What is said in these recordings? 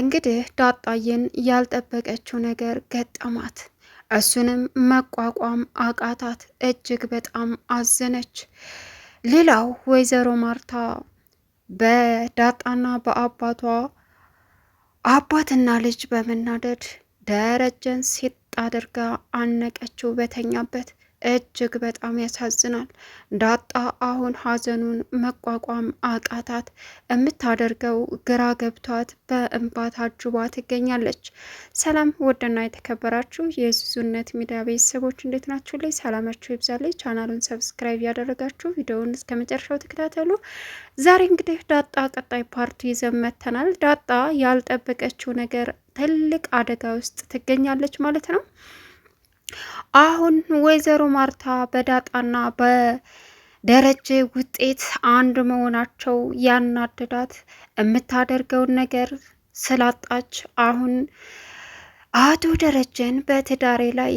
እንግዲህ ዳጣዬን ያልጠበቀችው ነገር ገጠማት። እሱንም መቋቋም አቃታት። እጅግ በጣም አዘነች። ሌላው ወይዘሮ ማርታ በዳጣና በአባቷ አባትና ልጅ በመናደድ ደረጀን ሴት አድርጋ አነቀችው በተኛበት። እጅግ በጣም ያሳዝናል። ዳጣ አሁን ሀዘኑን መቋቋም አቃታት። የምታደርገው ግራ ገብቷት በእንባ ታጅባ ትገኛለች። ሰላም ውድና የተከበራችሁ የዙዙነት ሚዲያ ቤተሰቦች እንዴት ናችሁ? ላይ ሰላማችሁ ይብዛለች። ቻናሉን ሰብስክራይብ ያደረጋችሁ ቪዲዮውን እስከ መጨረሻው ተከታተሉ። ዛሬ እንግዲህ ዳጣ ቀጣይ ፓርቲ ይዘን መጥተናል። ዳጣ ያልጠበቀችው ነገር ትልቅ አደጋ ውስጥ ትገኛለች ማለት ነው። አሁን ወይዘሮ ማርታ በዳጣና በደረጀ ውጤት አንድ መሆናቸው ያናደዳት የምታደርገውን ነገር ስላጣች አሁን አቶ ደረጀን በትዳሬ ላይ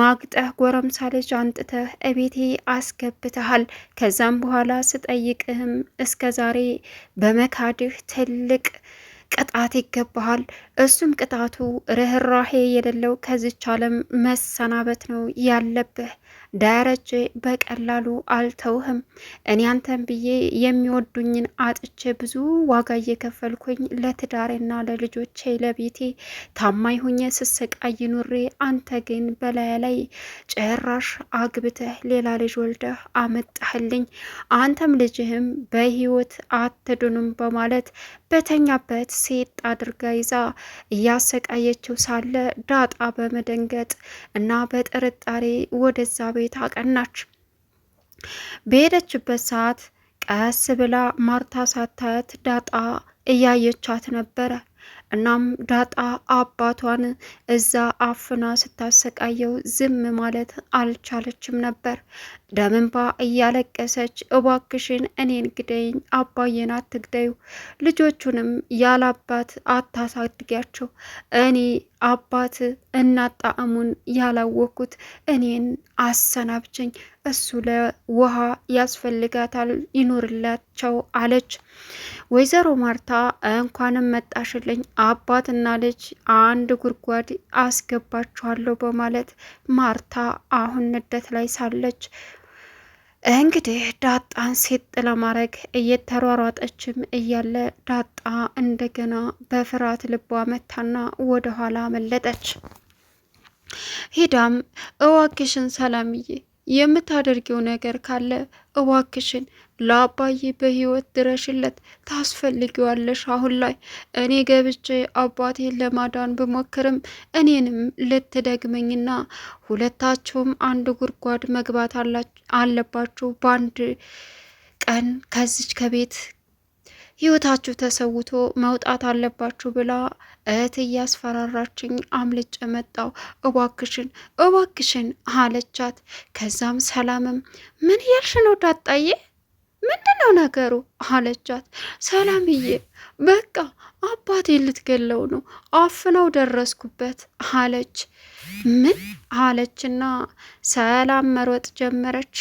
ማግጠህ ጎረምሳ ልጅ አንጥተህ እቤቴ አስገብተሃል። ከዛም በኋላ ስጠይቅህም እስከ ዛሬ በመካድህ ትልቅ ቅጣት ይገባሃል። እሱም ቅጣቱ ርኅራሄ የሌለው ከዚች ዓለም መሰናበት ነው ያለብህ ዳረቼ በቀላሉ አልተውህም። እኔ አንተን ብዬ የሚወዱኝን አጥቼ ብዙ ዋጋ እየከፈልኩኝ ለትዳሬና ለልጆቼ ለቤቴ ታማኝ ሁኜ ስሰቃይ ኑሬ፣ አንተ ግን በላያ ላይ ጭራሽ አግብተህ ሌላ ልጅ ወልደህ አመጣህልኝ። አንተም ልጅህም በህይወት አትድኑም በማለት በተኛበት ሴት አድርጋ ይዛ እያሰቃየችው ሳለ ዳጣ በመደንገጥ እና በጥርጣሬ ወደዛ ቤት ቤት አቀናች። በሄደችበት ሰዓት ቀስ ብላ ማርታ ሳታያት ዳጣ እያየቻት ነበረ። እናም ዳጣ አባቷን እዛ አፍና ስታሰቃየው ዝም ማለት አልቻለችም ነበር። ደምንባ እያለቀሰች እባክሽን እኔን ግደይኝ፣ አባዬን አትግደዩ፣ ልጆቹንም ያላባት አታሳድጊያቸው። እኔ አባት እናት ጣዕሙን ያላወቅኩት እኔን አሰናብችኝ፣ እሱ ለውሃ ያስፈልጋታል፣ ይኑርላቸው አለች። ወይዘሮ ማርታ እንኳንም መጣሽልኝ አባትና ልጅ አንድ ጉድጓድ አስገባችኋለሁ በማለት ማርታ አሁን ንደት ላይ ሳለች እንግዲህ ዳጣን ሴት ለማድረግ እየተሯሯጠችም እያለ ዳጣ እንደገና በፍርሃት ልቧ መታና ወደ ኋላ መለጠች። ሂዳም እዋክሽን ሰላምዬ የምታደርጊው ነገር ካለ እዋክሽን ለአባዬ በህይወት ድረሽለት፣ ታስፈልጊዋለሽ። አሁን ላይ እኔ ገብቼ አባቴን ለማዳን ብሞክርም እኔንም ልትደግመኝና ሁለታችሁም አንድ ጉድጓድ መግባት አለባችሁ። በአንድ ቀን ከዚች ከቤት ህይወታችሁ ተሰውቶ መውጣት አለባችሁ ብላ እህት እያስፈራራችኝ አምልጬ መጣው፣ እባክሽን እባክሽን አለቻት። ከዛም ሰላምም ምን ያልሽ ነው ዳጣዬ ምንድን ነው ነገሩ አለቻት። ሰላምዬ በቃ አባቴ ልትገለው ነው፣ አፍነው ደረስኩበት አለች። ምን አለችና ሰላም መሮጥ ጀመረች።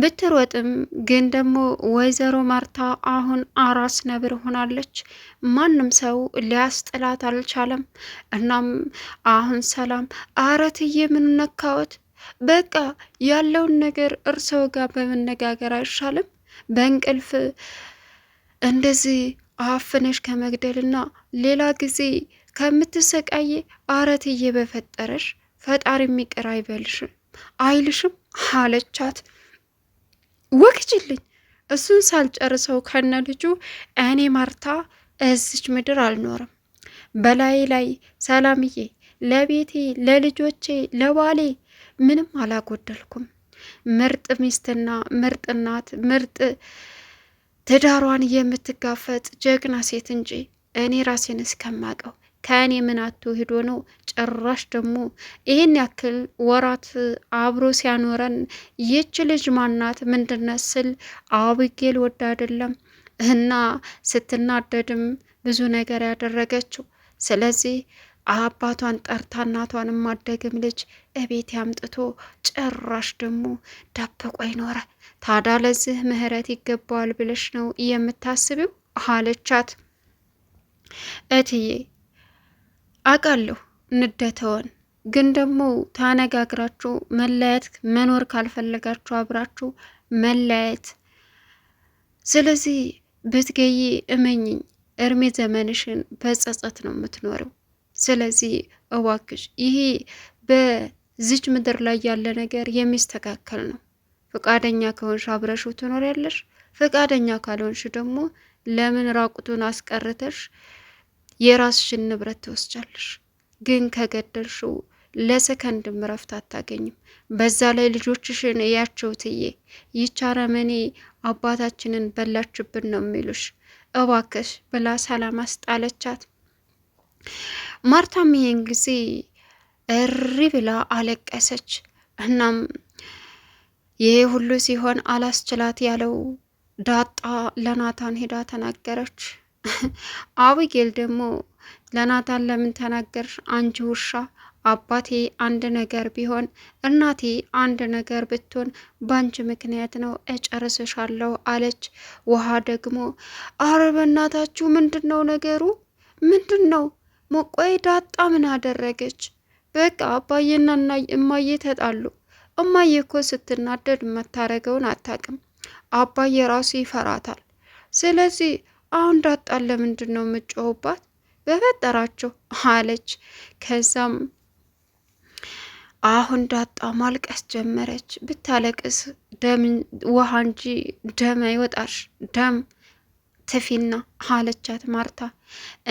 ብትሮጥም ግን ደግሞ ወይዘሮ ማርታ አሁን አራስ ነብር ሆናለች። ማንም ሰው ሊያስጥላት አልቻለም። እናም አሁን ሰላም አረትዬ ምን ነካወት? በቃ ያለውን ነገር እርስዎ ጋር በመነጋገር አይሻልም? በእንቅልፍ እንደዚህ አፍነሽ ከመግደልና ሌላ ጊዜ ከምትሰቃይ አረትዬ በፈጠረሽ ፈጣሪ የሚቅር አይበልሽም አይልሽም አለቻት። ወክችልኝ እሱን ሳልጨርሰው ከነ ልጁ እኔ ማርታ እዚች ምድር አልኖርም። በላይ ላይ ሰላምዬ ለቤቴ፣ ለልጆቼ፣ ለባሌ ምንም አላጎደልኩም። ምርጥ ሚስትና ምርጥ እናት፣ ምርጥ ትዳሯን የምትጋፈጥ ጀግና ሴት እንጂ እኔ ራሴን እስከማቀው ከእኔ ምን አቶ ሂዶ ነው? ጭራሽ ደግሞ ይህን ያክል ወራት አብሮ ሲያኖረን ይች ልጅ ማናት? ምንድነት ስል አብጌል ወድ አይደለም እና ስትናደድም ብዙ ነገር ያደረገችው ስለዚህ አባቷን ጠርታ እናቷን ማደግም ልጅ እቤት ያምጥቶ ጭራሽ ደግሞ ደብቆ ይኖረ። ታዲያ ለዚህ ምህረት ይገባዋል ብለሽ ነው የምታስቢው? አለቻት። እትዬ አውቃለሁ ንደተወን ግን ደግሞ ታነጋግራችሁ መለያየት መኖር ካልፈለጋችሁ አብራችሁ መለያየት። ስለዚህ ብትገይ እመኝኝ እርሜ ዘመንሽን በጸጸት ነው የምትኖረው። ስለዚህ እባክሽ ይሄ በዚች ምድር ላይ ያለ ነገር የሚስተካከል ነው። ፈቃደኛ ከሆንሽ አብረሽው ትኖሪያለሽ። ፈቃደኛ ካልሆንሽ ደግሞ ለምን ራቁቱን አስቀርተሽ የራስሽን ንብረት ትወስጃለሽ። ግን ከገደልሽው ለሰከንድም ምረፍት አታገኝም። በዛ ላይ ልጆችሽን እያቸው ትዬ ይች አረመኔ አባታችንን በላችብን ነው የሚሉሽ። እባክሽ ብላ ሰላም አስጣለቻት። ማርታም ይሄን ጊዜ እሪ ብላ አለቀሰች። እናም ይሄ ሁሉ ሲሆን አላስችላት ያለው ዳጣ ለናታን ሄዳ ተናገረች። አብጌል ደግሞ ለናታን ለምን ተናገርሽ አንቺ ውሻ አባቴ አንድ ነገር ቢሆን እናቴ አንድ ነገር ብትሆን ባንቺ ምክንያት ነው እጨርስሻለሁ አለች። ውሃ ደግሞ አረ በእናታችሁ ምንድን ነው ነገሩ? ምንድን ነው ሞቆይ ዳጣ ምን አደረገች? በቃ አባዬና እማዬ ተጣሉ። እማዬ እኮ ስትናደድ መታረገውን አታውቅም። አባዬ ራሱ ይፈራታል። ስለዚህ አሁን ዳጣን ለምንድን ነው የምጮሁባት? በፈጠራቸው አለች። ከዛም አሁን ዳጣ ማልቀስ ጀመረች። ብታለቅስ ደም ውሃ እንጂ ደም አይወጣሽ ደም ትፊና አለቻት ማርታ።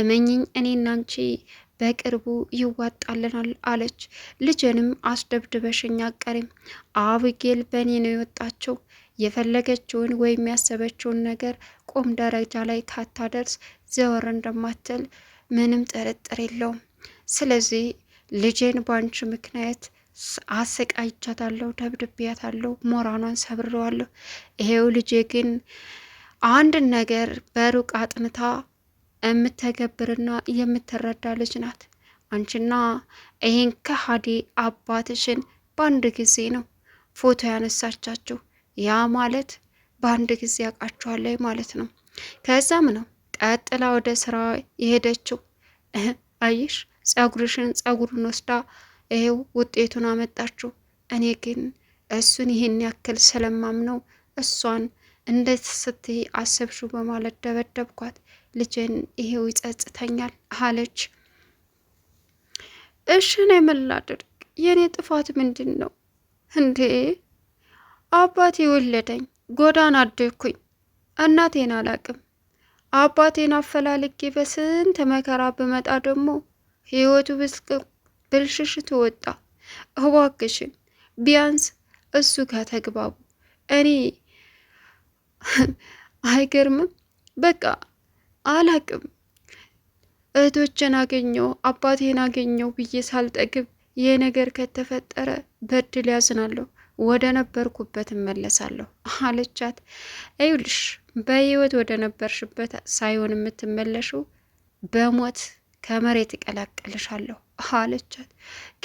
እመኝኝ እኔና አንቺ በቅርቡ ይዋጣልናል አለች። ልጅንም አስደብድበሽኝ አቀሪም አብጌል በእኔ ነው የወጣቸው የፈለገችውን ወይም ያሰበችውን ነገር ቁም ደረጃ ላይ ካታደርስ ዘወር እንደማትል ምንም ጥርጥር የለውም። ስለዚህ ልጄን በአንቺ ምክንያት አሰቃይቻታለሁ፣ ደብድቤያታለሁ፣ ሞራኗን ሰብረዋለሁ። ይሄው ልጄ ግን አንድን ነገር በሩቅ አጥንታ የምተገብርና የምትረዳ ልጅ ናት። አንቺና ይህን ከሀዲ አባትሽን በአንድ ጊዜ ነው ፎቶ ያነሳቻችሁ። ያ ማለት በአንድ ጊዜ ያውቃችኋለሁ ማለት ነው። ከዛም ነው ቀጥላ ወደ ስራ የሄደችው። አይሽ ጸጉርሽን ጸጉሩን ወስዳ ይሄው ውጤቱን አመጣችሁ። እኔ ግን እሱን ይህን ያክል ስለማምነው እሷን እንዴት ስትይ አሰብሹ በማለት ደበደብኳት። ልጄን ይሄው ይጸጽተኛል አለች። እሺ ነው ምን የእኔ ጥፋት ምንድን ነው እንዴ? አባቴ ወለደኝ፣ ጎዳና አደግኩኝ፣ እናቴን አላቅም። አባቴን አፈላልጌ በስንት መከራ ብመጣ ደግሞ ህይወቱ ብልሽሽት ወጣ። እባክሽን ቢያንስ እሱ ከተግባቡ ተግባቡ እኔ አይገርምም? በቃ አላቅም። እህቶችን አገኘው አባቴን አገኘው ብዬ ሳልጠግብ ይሄ ነገር ከተፈጠረ በድል ያዝናለሁ፣ ወደ ነበርኩበት እመለሳለሁ አለቻት። ይኸውልሽ በህይወት ወደ ነበርሽበት ሳይሆን የምትመለሽው በሞት ከመሬት እቀላቀልሻለሁ አለቻት።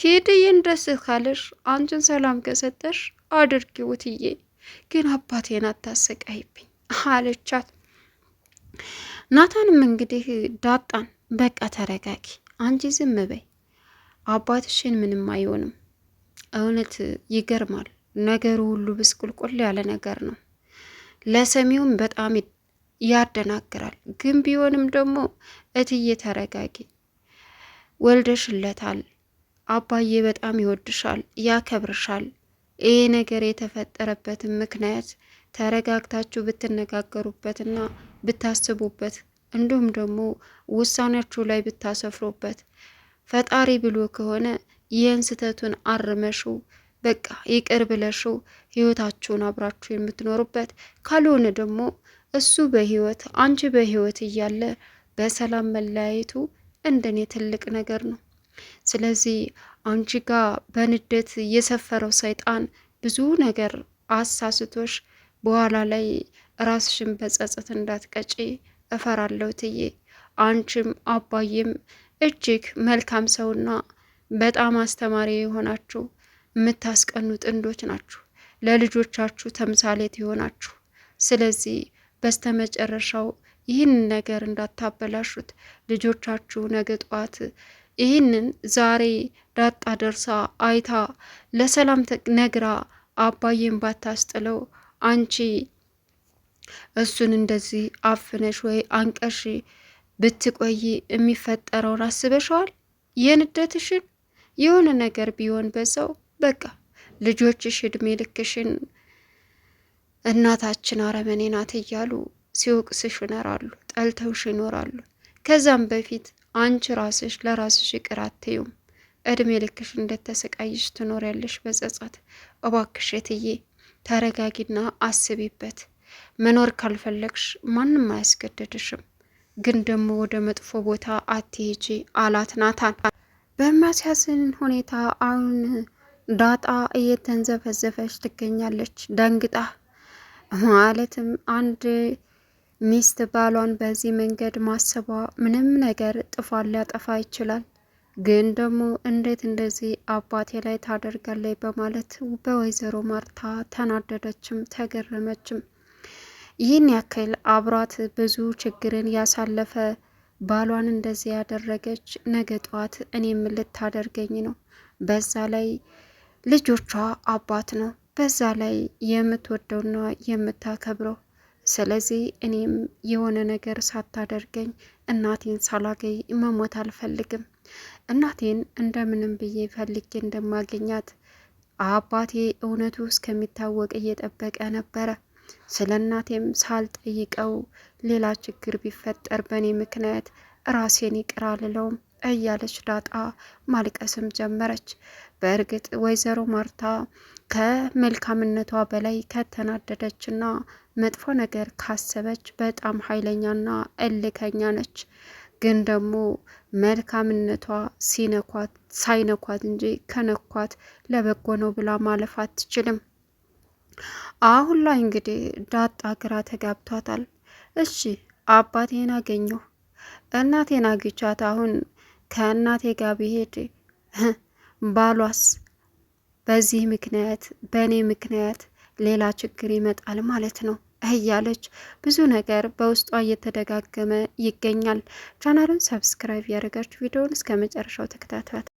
ኪድዬን ደስ ካለሽ አንቺን ሰላም ከሰጠሽ አድርጊውትዬ። ግን አባቴን አታሰቃይብኝ አለቻት። ናታንም እንግዲህ ዳጣን በቃ ተረጋጊ፣ አንቺ ዝም በይ፣ አባትሽን ምንም አይሆንም። እውነት ይገርማል፣ ነገሩ ሁሉ ብስቁልቁል ያለ ነገር ነው። ለሰሚውም በጣም ያደናግራል። ግን ቢሆንም ደግሞ እትዬ ተረጋጊ፣ ወልደሽለታል። አባዬ በጣም ይወድሻል፣ ያከብርሻል ይህ ነገር የተፈጠረበትን ምክንያት ተረጋግታችሁ ብትነጋገሩበትና ብታስቡበት እንዲሁም ደግሞ ውሳኔያችሁ ላይ ብታሰፍሩበት ፈጣሪ ብሎ ከሆነ ይህን ስህተቱን አርመሹ በቃ ይቅር ብለሹ ህይወታችሁን አብራችሁ የምትኖሩበት ካልሆነ ደግሞ እሱ በህይወት አንቺ በህይወት እያለ በሰላም መለያየቱ እንደኔ ትልቅ ነገር ነው። ስለዚህ አንቺ ጋር በንዴት የሰፈረው ሰይጣን ብዙ ነገር አሳስቶሽ በኋላ ላይ ራስሽን በጸጸት እንዳትቀጪ እፈራለሁ ትዬ አንቺም አባዬም እጅግ መልካም ሰውና በጣም አስተማሪ የሆናችሁ የምታስቀኑ ጥንዶች ናችሁ። ለልጆቻችሁ ተምሳሌት የሆናችሁ ስለዚህ በስተመጨረሻው ይህን ነገር እንዳታበላሹት። ልጆቻችሁ ነገ ጠዋት ይህንን ዛሬ ዳጣ ደርሳ አይታ ለሰላም ነግራ አባዬን ባታስጥለው አንቺ እሱን እንደዚህ አፍነሽ ወይ አንቀሽ ብትቆይ የሚፈጠረውን አስበሸዋል? የንደትሽን የሆነ ነገር ቢሆን በዛው በቃ ልጆችሽ እድሜ ልክሽን እናታችን አረመኔ ናት እያሉ ሲወቅስሽ ይኖራሉ፣ ጠልተውሽ ይኖራሉ። ከዛም በፊት አንቺ ራስሽ ለራስሽ ይቅር አትዩም። እድሜ ልክሽ እንደተሰቃይሽ ትኖሪያለሽ በጸጸት። እባክሽ እትዬ ተረጋጊና አስቢበት። መኖር ካልፈለግሽ ማንም አያስገደድሽም፣ ግን ደግሞ ወደ መጥፎ ቦታ አትሄጂ አላት ናታን። በሚያሳዝን ሁኔታ አሁን ዳጣ እየተንዘፈዘፈች ትገኛለች ደንግጣ። ማለትም አንድ ሚስት ባሏን በዚህ መንገድ ማሰቧ ምንም ነገር ጥፋት ሊያጠፋ ይችላል፣ ግን ደግሞ እንዴት እንደዚህ አባቴ ላይ ታደርጋለች በማለት በወይዘሮ ማርታ ተናደደችም ተገረመችም። ይህን ያክል አብሯት ብዙ ችግርን ያሳለፈ ባሏን እንደዚህ ያደረገች ነገ ጠዋት እኔም ልታደርገኝ ነው። በዛ ላይ ልጆቿ አባት ነው። በዛ ላይ የምትወደውና የምታከብረው ስለዚህ እኔም የሆነ ነገር ሳታደርገኝ እናቴን ሳላገኝ መሞት አልፈልግም። እናቴን እንደምንም ብዬ ፈልጌ እንደማገኛት አባቴ እውነቱ እስከሚታወቅ እየጠበቀ ነበረ። ስለ እናቴም ሳልጠይቀው ሌላ ችግር ቢፈጠር በእኔ ምክንያት ራሴን ይቅር አልለውም እያለች ዳጣ ማልቀስም ጀመረች። በእርግጥ ወይዘሮ ማርታ ከመልካምነቷ በላይ ከተናደደችና መጥፎ ነገር ካሰበች በጣም ኃይለኛና እልከኛ ነች። ግን ደግሞ መልካምነቷ ሲነኳት ሳይነኳት እንጂ ከነኳት ለበጎ ነው ብላ ማለፍ አትችልም። አሁን ላይ እንግዲህ ዳጣ ግራ ተጋብቷታል። እሺ አባቴን አገኘሁ፣ እናቴን አግቻት፣ አሁን ከእናቴ ጋር ብሄድ ባሏስ በዚህ ምክንያት በእኔ ምክንያት ሌላ ችግር ይመጣል ማለት ነው እያለች ብዙ ነገር በውስጧ እየተደጋገመ ይገኛል። ቻናሉን ሰብስክራይብ ያደረጋችሁ ቪዲዮውን እስከ መጨረሻው ተከታተሏት።